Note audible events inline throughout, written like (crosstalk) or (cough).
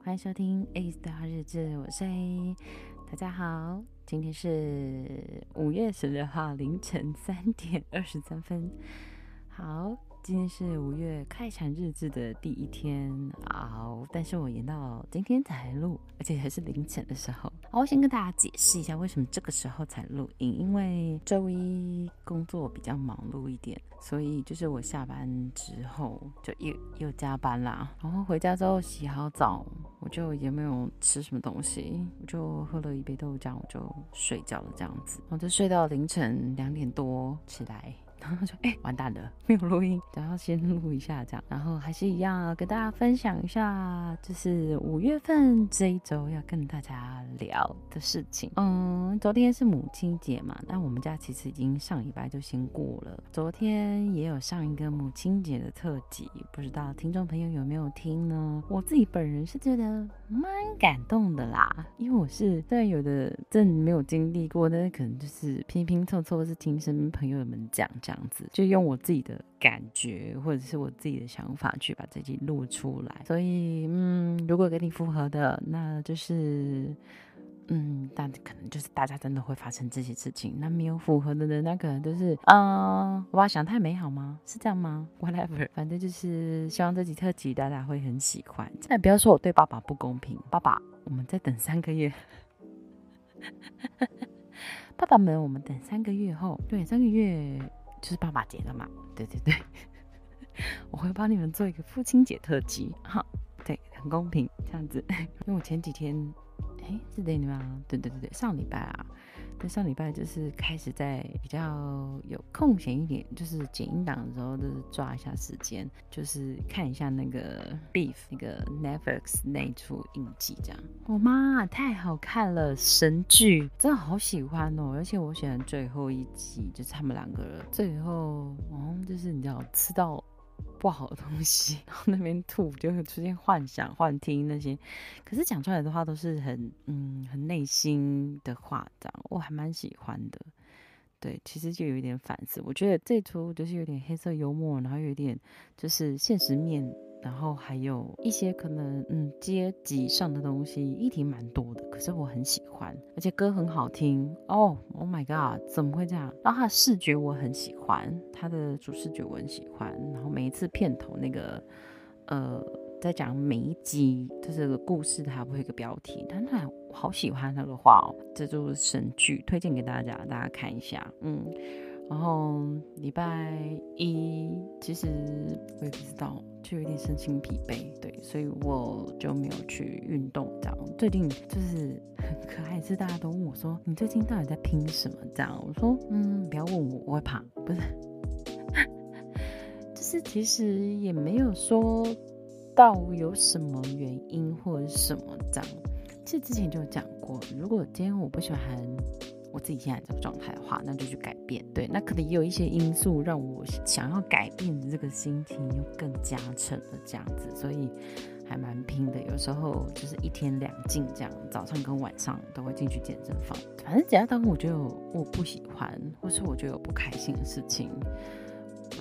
歡迎收聽 ACE 的日誌，我是、A. 大家好，今天是五月十六號凌晨三點二十三分，好。今天是五月快閃日誌的第一天啊、哦，但是我延到今天才錄，而且還是凌晨的時候。好，我先跟大家解釋一下為什麼這個時候才錄音，因為周一工作比較忙碌一點，所以就是我下班之後就又又加班啦，然後回家之後洗好澡，我就也沒有吃什麼東西，我就喝了一杯豆漿，我就睡覺了這樣子，我就睡到凌晨兩點多起來。然 (laughs) 後說，哎、欸，完蛋了，沒有錄音，等下先錄一下這樣。然後還是一樣，跟大家分享一下，就是五月份這一週要跟大家聊的事情。嗯，昨天是母親節嘛，那我們家其實已經上禮拜就先過了。昨天也有上一個母親節的特輯，不知道聽眾朋友有沒有聽呢？我自己本人是覺得蠻感動的啦，因為我是雖然有的真的沒有經歷過，但是可能就是拼拼湊湊是聽身邊朋友們講這樣。講樣子就用我自己的感覺或者是我自己的想法去把自己錄出來，所以嗯，如果給你符合的，那就是嗯，但可能就是大家真的會發生這些事情。那沒有符合的、的，那可能就是嗯、呃，我把它想太美好嗎？是這樣嗎？Whatever，反正就是希望這集特輯大家會很喜歡。那不要說我對爸爸不公平，爸爸，我們再等三個月， (laughs) 爸爸們，我們等三個月後，對，三個月。就是爸爸節了嘛，對對對，我會幫你們做一個父親節特輯哈，對，很公平這樣子，因為我前幾天，哎，是對你們啊？對對對對，上禮拜啊。在上禮拜就是開始在比較有空閒一點，就是剪音檔的時候，就是抓一下時間，就是看一下那個 Beef 那個 Netflix 那一出影集這樣。我、哦、媽太好看了，神劇，真的好喜歡哦！而且我喜歡最後一集，就是他們兩個人最後，嗯、哦，就是你知道吃到。不好的東西，然後那邊吐就會出現幻想、幻聽那些，可是講出來的話都是很嗯，很內心的話，這樣我還蠻喜歡的。對，其實就有一點反思。我覺得這出就是有點黑色幽默，然後有點就是現實面，然後還有一些可能嗯階級上的東西，議題蠻多的。可是我很喜歡，而且歌很好聽哦。Oh my god，怎麼會這樣？然後他的視覺我很喜歡，他的主視覺我很喜歡。然後每一次片頭那個呃。在講每一集，就是這個故事，它不會一個標題。但他好喜歡那個話哦，這就是神劇，推薦給大家，大家看一下。嗯，然後禮拜一，其實我也不知道，就有點身心疲憊。對，所以我就沒有去運動。這樣最近就是很可愛，是大家都問我說，你最近到底在拼什麼？這樣我說，嗯，不要問我，我會怕。不是， (laughs) 就是其實也沒有說。到有什麼原因或者什麼這樣。其實之前就講過，如果今天我不喜歡我自己現在這個狀態的話，那就去改變。對，那可能也有一些因素讓我想要改變的這個心情又更加深了，這樣子，所以還蠻拼的。有時候就是一天兩進這樣，早上跟晚上都會進去健身房。反正只要當我覺得我不喜歡，或是我覺得我不開心的事情。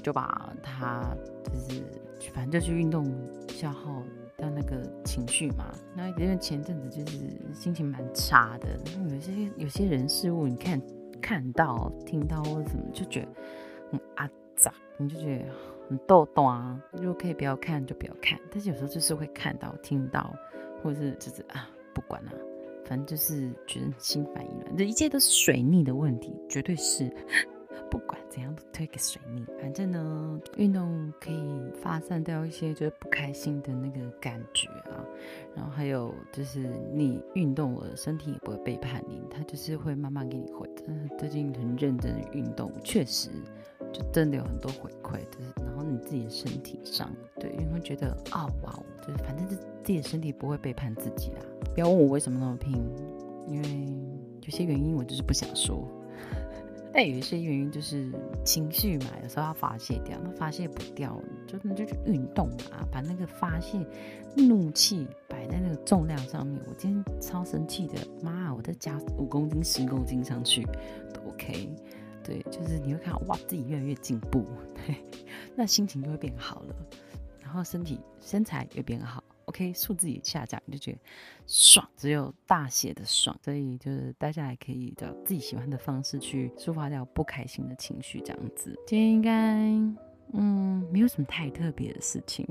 就把他就是反正就去運動消耗掉那個情緒嘛。那因為前陣子就是心情蠻差的，有些有些人事物，你看看到聽到或怎麼，就覺得很阿雜，你就覺得很豆豆啊。如果可以不要看就不要看，但是有時候就是會看到聽到，或是就是啊不管了、啊，反正就是覺得心煩意亂。這一切都是水逆的問題，絕對是。不管怎樣都推給隨你，反正呢，運動可以發散掉一些就是不開心的那個感覺啊。然後還有就是你運動了，身體也不會背叛你，它就是會慢慢給你回的。但是最近很認真的運動，確實就真的有很多回饋，就是然後你自己的身體上，對，你會覺得啊哇、哦哦，就是反正就自己的身體不會背叛自己啊。不要問我為什麼那麼拼，因為有些原因我就是不想說。但、欸、有一些原因就是情緒嘛，有時候要發洩掉，他發洩不掉，真的就去運動嘛，把那個發洩怒氣擺在那個重量上面。我今天超生氣的，媽、啊，我再加五公斤、十公斤上去都，OK，都對，就是你會看哇，自己越來越進步對，那心情就會變好了，然後身體身材也變好。可以數字也下降，你就覺得爽，只有大寫的爽。所以就是大家也可以找自己喜歡的方式去抒發掉不開心的情緒，這樣子。今天應該嗯，沒有什麼太特別的事情，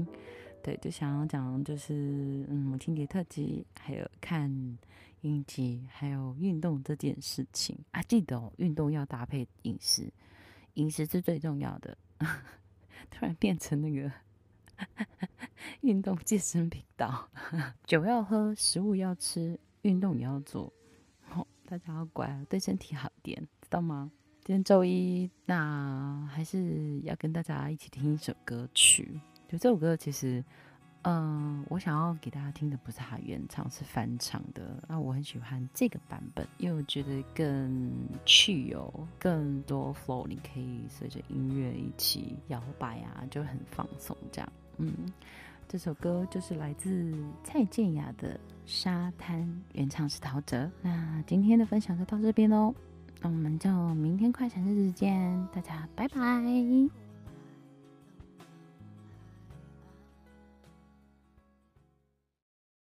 對，就想要講就是嗯，母親節特輯，還有看影集，還有運動這件事情啊。記得哦，運動要搭配飲食，飲食是最重要的。 (laughs) 突然變成那個。 (laughs) 運動健身頻道，酒要喝，食物要吃，運動也要做。哦、大家要乖，對身體好點，知道嗎？今天週一，那還是要跟大家一起聽一首歌曲。就這首歌，其實，嗯、呃，我想要給大家聽的不是它原唱，是翻唱的。那、啊、我很喜歡這個版本，因為我覺得更有趣哦，更多 flow，你可以隨着音樂一起搖擺啊，就很放鬆這樣。嗯。這首歌就是來自蔡健雅的《沙灘》，原唱是陶喆。那今天的分享就到這邊嘍，那我們就明天快閃的日子見，大家拜拜。